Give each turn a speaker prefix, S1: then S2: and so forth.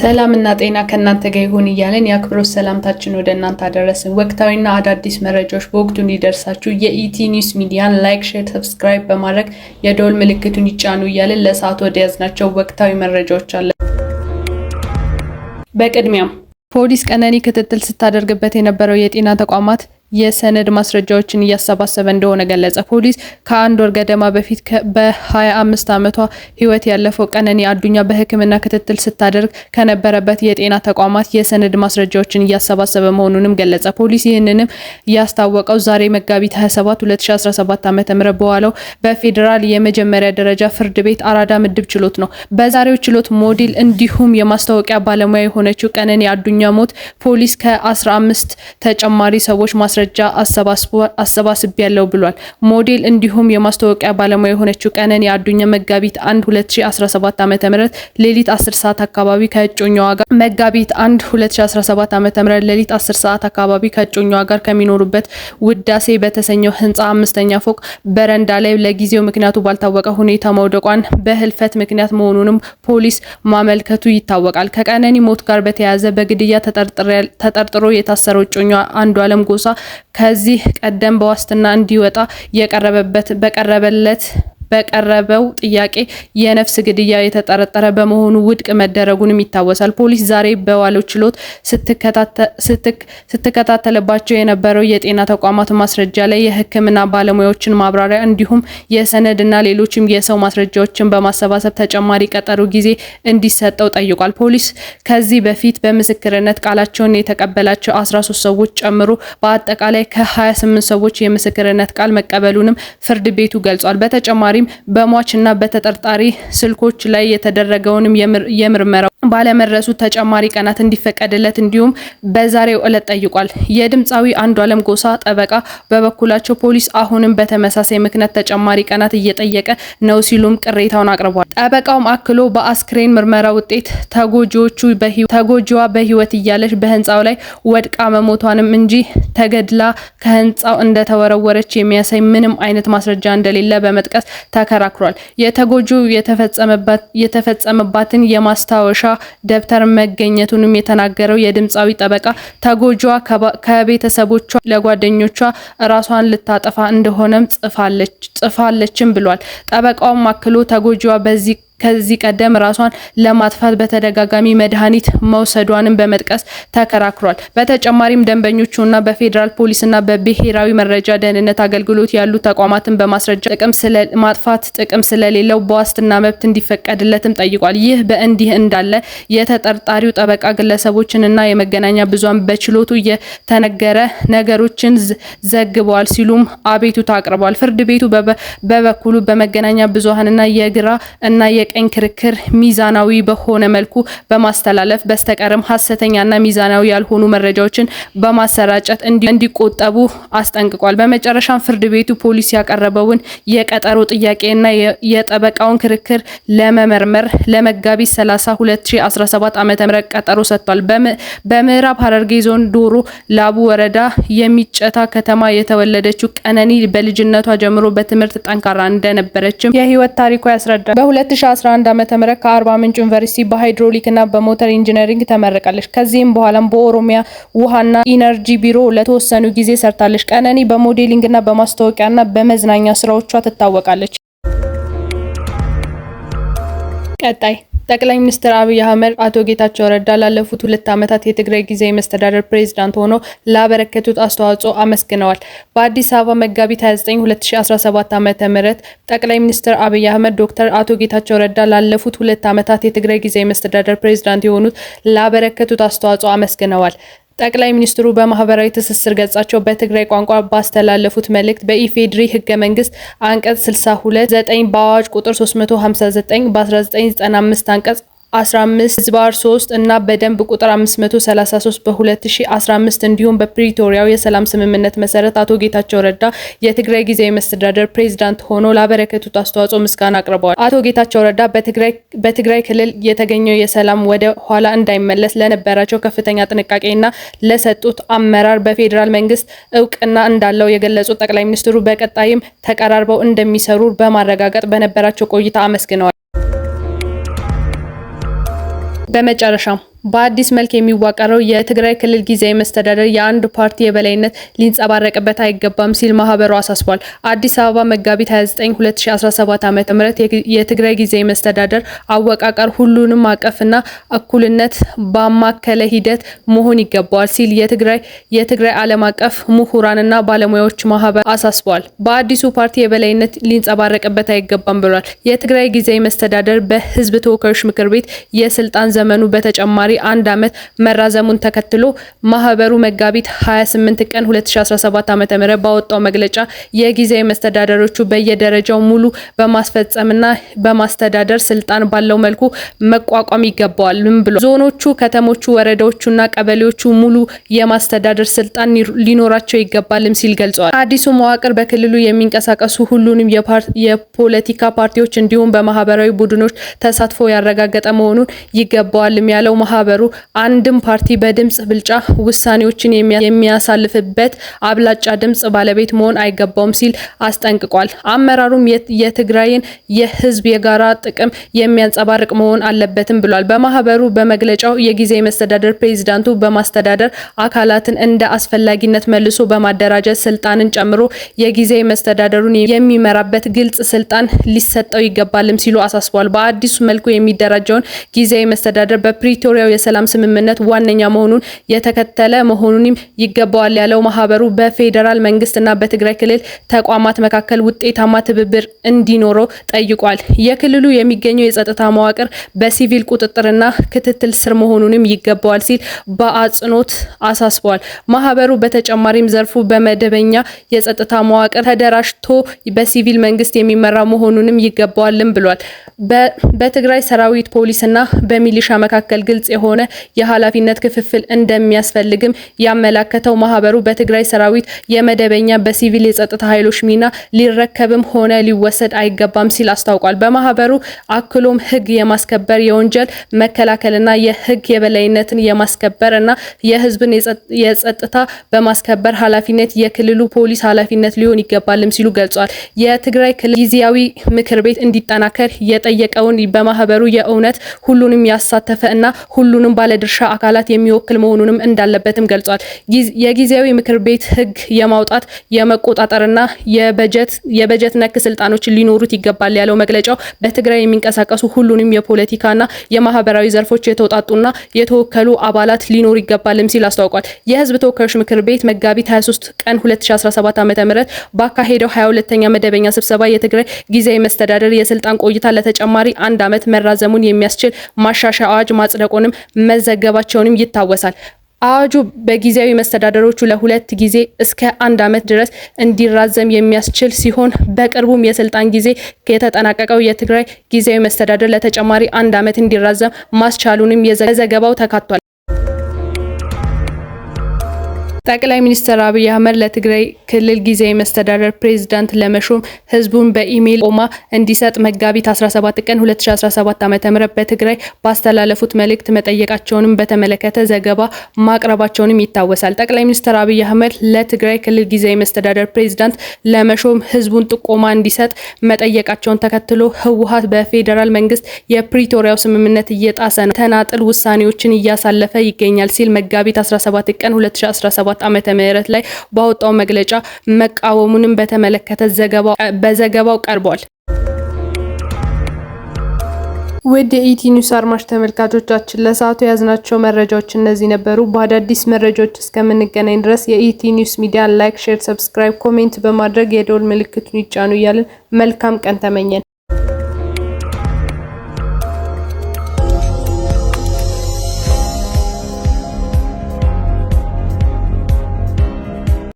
S1: ሰላምና ጤና ከእናንተ ጋር ይሁን እያለን የአክብሮት ሰላምታችን ወደ እናንተ አደረስን። ወቅታዊና አዳዲስ መረጃዎች በወቅቱ እንዲደርሳችሁ የኢቲ ኒውስ ሚዲያን ላይክ፣ ሼር፣ ሰብስክራይብ በማድረግ የደወል ምልክቱን ይጫኑ እያለን ለሰዓት ወደ ያዝናቸው ወቅታዊ መረጃዎች አለ። በቅድሚያም ፖሊስ ቀነኒ ክትትል ስታደርግበት የነበረው የጤና ተቋማት የሰነድ ማስረጃዎችን እያሰባሰበ እንደሆነ ገለጸ። ፖሊስ ከአንድ ወር ገደማ በፊት በ25 ዓመቷ ህይወት ያለፈው ቀነኒ አዱኛ በሕክምና ክትትል ስታደርግ ከነበረበት የጤና ተቋማት የሰነድ ማስረጃዎችን እያሰባሰበ መሆኑንም ገለጸ። ፖሊስ ይህንንም ያስታወቀው ዛሬ መጋቢት 27 2017 ዓ ም በዋለው በፌዴራል የመጀመሪያ ደረጃ ፍርድ ቤት አራዳ ምድብ ችሎት ነው። በዛሬው ችሎት ሞዴል እንዲሁም የማስታወቂያ ባለሙያ የሆነችው ቀነኒ አዱኛ ሞት ፖሊስ ከ15 ተጨማሪ ሰዎች ማስረ ማስረጃ አሰባስቤ ያለው ብሏል። ሞዴል እንዲሁም የማስታወቂያ ባለሙያ የሆነችው ቀነኒ አዱኛ መጋቢት 1 2017 ዓ.ም ሌሊት 10 ሰዓት አካባቢ ከእጮኛዋ ጋር መጋቢት 1 2017 ዓ.ም ሌሊት 10 ሰዓት አካባቢ ከእጮኛዋ ጋር ከሚኖሩበት ውዳሴ በተሰኘው ህንፃ አምስተኛ ፎቅ በረንዳ ላይ ለጊዜው ምክንያቱ ባልታወቀ ሁኔታ መውደቋን በህልፈት ምክንያት መሆኑንም ፖሊስ ማመልከቱ ይታወቃል። ከቀነኒ ሞት ጋር በተያያዘ በግድያ ተጠርጥሮ የታሰረው እጮኛ አንዱ አለም ጎሳ ከዚህ ቀደም በዋስትና እንዲወጣ የቀረበበት በቀረበለት በቀረበው ጥያቄ የነፍስ ግድያ የተጠረጠረ በመሆኑ ውድቅ መደረጉንም ይታወሳል። ፖሊስ ዛሬ በዋለው ችሎት ስትከታተልባቸው የነበረው የጤና ተቋማት ማስረጃ ላይ የሕክምና ባለሙያዎችን ማብራሪያ እንዲሁም የሰነድና ሌሎችም የሰው ማስረጃዎችን በማሰባሰብ ተጨማሪ ቀጠሮ ጊዜ እንዲሰጠው ጠይቋል። ፖሊስ ከዚህ በፊት በምስክርነት ቃላቸውን የተቀበላቸው 13 ሰዎች ጨምሮ በአጠቃላይ ከ28 ሰዎች የምስክርነት ቃል መቀበሉንም ፍርድ ቤቱ ገልጿል። በተጨማሪ በተጨማሪም በሟች እና በተጠርጣሪ ስልኮች ላይ የተደረገውንም የምርመራ ባለመድረሱ ተጨማሪ ቀናት እንዲፈቀድለት እንዲሁም በዛሬው እለት ጠይቋል። የድምፃዊ አለም ጎሳ ጠበቃ በበኩላቸው ፖሊስ አሁንም በተመሳሳይ ምክንያት ተጨማሪ ቀናት እየጠየቀ ነው ሲሉም ቅሬታውን አቅርቧል። ጠበቃውም አክሎ በአስክሬን ምርመራ ውጤት ተጎጂዎቹ ተጎጂዋ በህይወት እያለች በህንፃው ላይ ወድቃ መሞቷንም እንጂ ተገድላ ከህንፃው እንደተወረወረች የሚያሳይ ምንም አይነት ማስረጃ እንደሌለ በመጥቀስ ተከራክሯል። የተጎጂው የተፈጸመባትን የማስታወሻ ደብተር መገኘቱንም የተናገረው የድምፃዊ ጠበቃ ተጎጂዋ ከቤተሰቦቿ ለጓደኞቿ ራሷን ልታጠፋ እንደሆነም ጽፋለችም ብሏል። ጠበቃውም አክሎ ተጎጂዋ በዚህ ከዚህ ቀደም ራሷን ለማጥፋት በተደጋጋሚ መድኃኒት መውሰዷንም በመጥቀስ ተከራክሯል። በተጨማሪም ደንበኞቹና በፌዴራል ፖሊስና በብሔራዊ መረጃ ደህንነት አገልግሎት ያሉ ተቋማትን በማስረጃ ጥቅም ማጥፋት ጥቅም ስለሌለው በዋስትና መብት እንዲፈቀድለትም ጠይቋል። ይህ በእንዲህ እንዳለ የተጠርጣሪው ጠበቃ ግለሰቦችንና የመገናኛ ብዙሃን በችሎቱ የተነገረ ነገሮችን ዘግበዋል ሲሉም አቤቱታ አቅርበዋል። ፍርድ ቤቱ በበኩሉ በመገናኛ ብዙሃንና የግራ እና የቀኝ ክርክር ሚዛናዊ በሆነ መልኩ በማስተላለፍ በስተቀርም ሀሰተኛና ሚዛናዊ ያልሆኑ መረጃዎችን በማሰራጨት እንዲቆጠቡ አስጠንቅቋል። በመጨረሻም ፍርድ ቤቱ ፖሊስ ያቀረበውን የቀጠሮ ጥያቄና የጠበቃውን ክርክር ለመመርመር ለመጋቢት 30 2017 ም ቀጠሮ ሰጥቷል። በምዕራብ ሐረርጌ ዞን ዶሮ ላቡ ወረዳ የሚጨታ ከተማ የተወለደችው ቀነኒ በልጅነቷ ጀምሮ በትምህርት ጠንካራ እንደነበረችም የህይወት ታሪኳ ያስረዳል። በ 2011 ዓ.ም ከአርባ ምንጭ ዩኒቨርሲቲ በሃይድሮሊክና በሞተር ኢንጂነሪንግ ተመርቃለች ከዚህም በኋላም በኦሮሚያ ውሃና ኢነርጂ ቢሮ ለተወሰኑ ጊዜ ሰርታለች። ቀነኒ በሞዴሊንግና በማስታወቂያና በመዝናኛ ስራዎቿ ትታወቃለች። ቀጣይ ጠቅላይ ሚኒስትር አብይ አህመድ አቶ ጌታቸው ረዳ ላለፉት ሁለት ዓመታት የትግራይ ጊዜያዊ መስተዳደር ፕሬዚዳንት ሆነው ላበረከቱት አስተዋጽኦ አመስግነዋል። በአዲስ አበባ መጋቢት 29 2017 ዓ.ም ጠቅላይ ሚኒስትር አብይ አህመድ ዶክተር አቶ ጌታቸው ረዳ ላለፉት ሁለት ዓመታት የትግራይ ጊዜያዊ መስተዳደር ፕሬዚዳንት የሆኑት ላበረከቱት አስተዋጽኦ አመስግነዋል። ጠቅላይ ሚኒስትሩ በማህበራዊ ትስስር ገጻቸው በትግራይ ቋንቋ ባስተላለፉት መልእክት በኢፌድሪ ህገ መንግስት አንቀጽ 629 በአዋጅ ቁጥር 359 በ1995 አንቀጽ 15 ዝባር 3 እና በደንብ ቁጥር 533 በ2015 እንዲሁም በፕሪቶሪያው የሰላም ስምምነት መሰረት አቶ ጌታቸው ረዳ የትግራይ ጊዜያዊ መስተዳደር ፕሬዚዳንት ሆኖ ላበረከቱት አስተዋጽኦ ምስጋና አቅርበዋል። አቶ ጌታቸው ረዳ በትግራይ ክልል የተገኘው የሰላም ወደ ኋላ እንዳይመለስ ለነበራቸው ከፍተኛ ጥንቃቄና ለሰጡት አመራር በፌዴራል መንግስት እውቅና እንዳለው የገለጹት ጠቅላይ ሚኒስትሩ በቀጣይም ተቀራርበው እንደሚሰሩ በማረጋገጥ በነበራቸው ቆይታ አመስግነዋል። በመጨረሻም በአዲስ መልክ የሚዋቀረው የትግራይ ክልል ጊዜያዊ መስተዳደር የአንድ ፓርቲ የበላይነት ሊንጸባረቅበት አይገባም ሲል ማህበሩ አሳስቧል። አዲስ አበባ መጋቢት 29 2017 ዓ ም የትግራይ ጊዜያዊ መስተዳደር አወቃቀር ሁሉንም አቀፍና እኩልነት ባማከለ ሂደት መሆን ይገባዋል ሲል የትግራይ የትግራይ ዓለም አቀፍ ምሁራንና ባለሙያዎች ማህበር አሳስቧል። በአዲሱ ፓርቲ የበላይነት ሊንጸባረቅበት አይገባም ብሏል። የትግራይ ጊዜያዊ መስተዳደር በህዝብ ተወካዮች ምክር ቤት የስልጣን ዘመኑ በተጨማሪ ተጨማሪ አንድ ዓመት መራዘሙን ተከትሎ ማህበሩ መጋቢት 28 ቀን 2017 ዓ.ም ባወጣው መግለጫ የጊዜያዊ መስተዳደሮቹ በየደረጃው ሙሉ በማስፈጸምና በማስተዳደር ስልጣን ባለው መልኩ መቋቋም ይገባዋልም ብሏል። ዞኖቹ፣ ከተሞቹ፣ ወረዳዎቹና ቀበሌዎቹ ሙሉ የማስተዳደር ስልጣን ሊኖራቸው ይገባልም ሲል ገልጸዋል። አዲሱ መዋቅር በክልሉ የሚንቀሳቀሱ ሁሉንም የፖለቲካ ፓርቲዎች እንዲሁም በማህበራዊ ቡድኖች ተሳትፎ ያረጋገጠ መሆኑን ይገባዋልም ያለው ማህበሩ አንድም ፓርቲ በድምጽ ብልጫ ውሳኔዎችን የሚያሳልፍበት አብላጫ ድምጽ ባለቤት መሆን አይገባውም ሲል አስጠንቅቋል። አመራሩም የትግራይን የህዝብ የጋራ ጥቅም የሚያንጸባርቅ መሆን አለበትም ብሏል። በማህበሩ በመግለጫው የጊዜ መስተዳደር ፕሬዚዳንቱ በማስተዳደር አካላትን እንደ አስፈላጊነት መልሶ በማደራጀት ስልጣንን ጨምሮ የጊዜ መስተዳደሩን የሚመራበት ግልጽ ስልጣን ሊሰጠው ይገባልም ሲሉ አሳስቧል። በአዲሱ መልኩ የሚደራጀውን ጊዜያዊ መስተዳደር በፕሪቶሪያ የሰላም ስምምነት ዋነኛ መሆኑን የተከተለ መሆኑንም ይገባዋል ያለው ማህበሩ በፌዴራል መንግስትና በትግራይ ክልል ተቋማት መካከል ውጤታማ ትብብር እንዲኖረው ጠይቋል። የክልሉ የሚገኘው የጸጥታ መዋቅር በሲቪል ቁጥጥርና ክትትል ስር መሆኑንም ይገባዋል ሲል በአጽንኦት አሳስቧል። ማህበሩ በተጨማሪም ዘርፉ በመደበኛ የጸጥታ መዋቅር ተደራጅቶ በሲቪል መንግስት የሚመራ መሆኑንም ይገባዋልም ብሏል። በትግራይ ሰራዊት ፖሊስና በሚሊሻ መካከል ግልጽ የሆነ የኃላፊነት ክፍፍል እንደሚያስፈልግም ያመላከተው ማህበሩ በትግራይ ሰራዊት የመደበኛ በሲቪል የጸጥታ ኃይሎች ሚና ሊረከብም ሆነ ሊወሰድ አይገባም ሲል አስታውቋል። በማህበሩ አክሎም ህግ የማስከበር የወንጀል መከላከልና የህግ የበላይነትን የማስከበር እና የህዝብን የጸጥታ በማስከበር ኃላፊነት የክልሉ ፖሊስ ኃላፊነት ሊሆን ይገባልም ሲሉ ገልጿል። የትግራይ ክልል ጊዜያዊ ምክር ቤት እንዲጠናከር የጠየቀውን በማህበሩ የእውነት ሁሉንም ያሳተፈ እና ሁሉንም ባለድርሻ አካላት የሚወክል መሆኑንም እንዳለበትም ገልጿል። የጊዜያዊ ምክር ቤት ህግ የማውጣት የመቆጣጠርና የበጀት ነክ ስልጣኖች ሊኖሩት ይገባል ያለው መግለጫው በትግራይ የሚንቀሳቀሱ ሁሉንም የፖለቲካና የማህበራዊ ዘርፎች የተውጣጡና የተወከሉ አባላት ሊኖሩ ይገባልም ሲል አስታውቋል። የህዝብ ተወካዮች ምክር ቤት መጋቢት 23 ቀን 2017 .ም ባካሄደው 22ኛ መደበኛ ስብሰባ የትግራይ ጊዜያዊ መስተዳደር የስልጣን ቆይታ ለተጨማሪ አንድ ዓመት መራዘሙን የሚያስችል ማሻሻያ አዋጅ ማጽደቁንም መዘገባቸውንም ይታወሳል። አዋጁ በጊዜያዊ መስተዳደሮቹ ለሁለት ጊዜ እስከ አንድ ዓመት ድረስ እንዲራዘም የሚያስችል ሲሆን በቅርቡም የስልጣን ጊዜ የተጠናቀቀው የትግራይ ጊዜያዊ መስተዳደር ለተጨማሪ አንድ ዓመት እንዲራዘም ማስቻሉንም የዘገባው ተካቷል። ጠቅላይ ሚኒስትር አብይ አህመድ ለትግራይ ክልል ጊዜያዊ መስተዳደር ፕሬዝዳንት ለመሾም ህዝቡን በኢሜይል ኦማ እንዲሰጥ መጋቢት 17 ቀን 2017 ዓ.ም በትግራይ ባስተላለፉት መልእክት መጠየቃቸውንም በተመለከተ ዘገባ ማቅረባቸውንም ይታወሳል። ጠቅላይ ሚኒስትር አብይ አህመድ ለትግራይ ክልል ጊዜያዊ መስተዳደር ፕሬዝዳንት ለመሾም ህዝቡን ጥቆማ እንዲሰጥ መጠየቃቸውን ተከትሎ ህወሀት በፌዴራል መንግስት የፕሪቶሪያው ስምምነት እየጣሰ ነው፣ ተናጥል ውሳኔዎችን እያሳለፈ ይገኛል ሲል መጋቢት 17 ቀን 2017 ዓመተ ምህረት ላይ ባወጣው መግለጫ መቃወሙንም በተመለከተ በዘገባው ቀርቧል። ውድ የኢቲ ኒውስ አድማጭ ተመልካቾቻችን ለሰዓቱ የያዝናቸው መረጃዎች እነዚህ ነበሩ። በአዳዲስ መረጃዎች እስከምንገናኝ ድረስ የኢቲ ኒውስ ሚዲያን ላይክ፣ ሼር፣ ሰብስክራይብ፣ ኮሜንት በማድረግ የደወል ምልክቱን ይጫኑ እያልን መልካም ቀን ተመኘን።